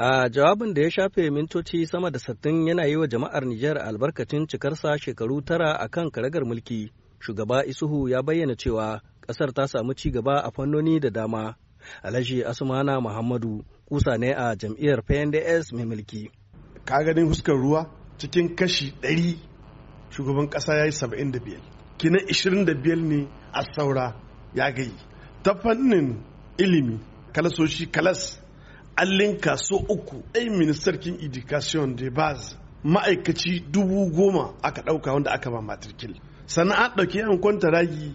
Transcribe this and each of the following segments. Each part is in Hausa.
A jawabin da ya shafe mintoci sama da sattin yana yi wa jama'ar Nijar albarkacin cikarsa shekaru tara a kan karagar mulki, shugaba Isuhu ya bayyana cewa ƙasar ta samu ci gaba a fannoni da dama. Alhaji Asmana Muhammadu kusa ne a jam'iyyar PNDS mai mulki. Ka ganin huskar ruwa cikin kashi ɗari shugaban ƙasa ya yi saba'in da biyar. Kina ishirin da biyar ne a saura ya gayi. Ta fannin ilimi, kalasoshi kalas allin so uku ai ministarkin education de baz ma'aikaci dubu goma aka ɗauka wanda aka ba matrikil sannan an ɗauki yan ragi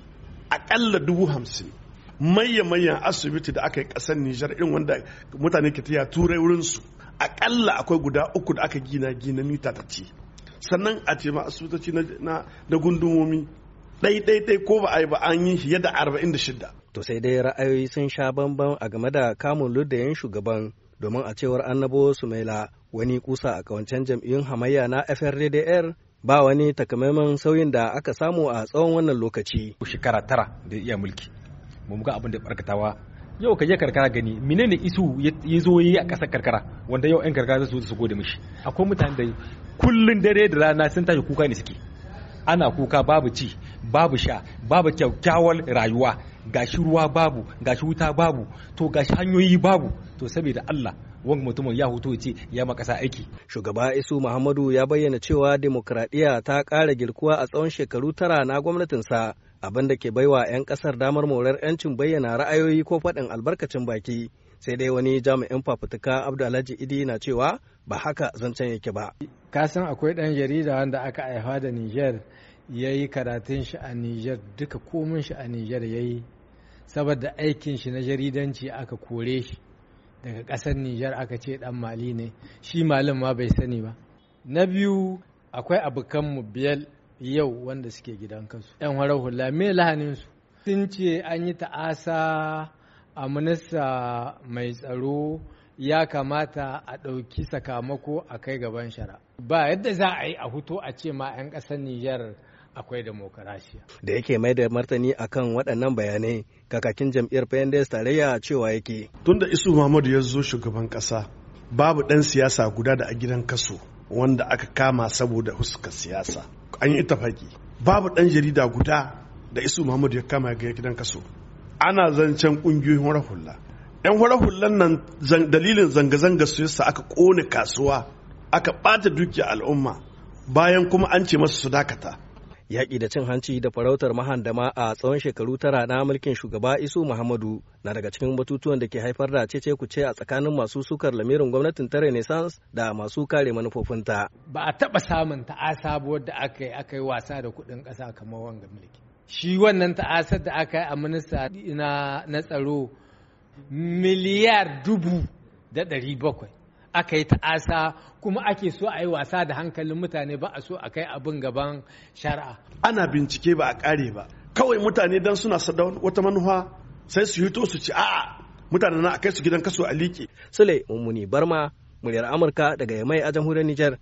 aƙalla dubu hamsin mayya-mayyan asibiti da aka yi ƙasar nijar irin wanda mutane ke tiya turai wurinsu aƙalla akwai guda uku da aka gina gina mita ta ce sannan a ce ma asibitoci na gundumomi ɗai-ɗai ko ba a yi ba an yi fiye da shida to sai dai ra'ayoyi sun sha bambam a game da kamun ludayen shugaban domin a cewar annabo sumaila wani kusa a kawancen jam'iyyun hamayya na FRDDR ba wani takamaiman sauyin da aka samu a tsawon wannan lokaci. Shekara tara da iya mulki, mu muka abin da barkatawa yau ka je karkara gani menene isu ya zo yi a ƙasar karkara wanda yau 'yan karkara su su gode mishi akwai mutane da kullun dare da rana sun tashi kuka ne suke ana kuka babu ci babu sha babu kyakkyawar rayuwa gashi ruwa babu gashi wuta babu to gashi hanyoyi babu to saboda Allah wanga mutumin ya hutu ce ya makasa aiki. Shugaba Isu Muhammadu ya bayyana cewa demokradiyya ta ƙara girkuwa a tsawon shekaru tara na gwamnatinsa abin da ke baiwa 'yan ƙasar damar morar 'yancin bayyana ra'ayoyi ko faɗin albarkacin baki. Sai dai wani jami'in fafutuka Abdulhaji Idi na cewa ba haka zancen yake ba. Kasan akwai ɗan jarida wanda aka haifa da Niger ya yi karatun shi a Nijar duka komin shi a Nijar ya yi saboda aikin shi na jaridanci aka kore shi daga ƙasar Nijar aka ce ɗan mali ne shi malin ma bai sani ba na biyu akwai abokanmu biyar yau wanda suke gidan kansu yan horar hula me su. sun ce an yi ta'asa a minista mai tsaro ya kamata a ɗauki sakamako a kai gaban shara ba yadda za a yi a huto a ce ma 'yan ƙasar Nijar akwai demokarashiya. Da yake mai da martani akan waɗannan bayanai kakakin jam'iyyar PNDS tarayya cewa yake. Tunda Isu Muhammadu ya zo shugaban ƙasa babu ɗan siyasa guda da a gidan kaso wanda aka kama saboda huska siyasa. An yi tafaki. Babu ɗan jarida guda da Isu Muhammadu ya kama ga gidan kaso. Ana zancen ƙungiyoyin hula. yan hura hullan nan dalilin zanga-zanga su yasa aka kone kasuwa aka ɓata dukiya al'umma bayan kuma an ce masu su dakata yaƙi da cin hanci da farautar mahandama a tsawon shekaru tara na mulkin shugaba isu muhammadu na daga cikin batutuwan da ke haifar da cece ce a tsakanin masu sukar lamirin gwamnatin ta renaissance da masu kare manufofinta ba a taɓa samun ta'asa da aka yi aka yi wasa da kuɗin ƙasa kamar wanga mulki shi wannan ta'asar da aka yi a minista na tsaro miliyar dubu da ɗari bakwai aka yi ta'asa kuma ake so a yi wasa da hankalin mutane ba a so a kai abin gaban shari'a ana bincike ba a ƙare ba kawai mutane dan suna sada wata manufa sai su hito su ci a'a mutane na a kai su gidan kaso a liƙe sule mummuni barma muryar amurka daga yamai a jamhuriyar nijar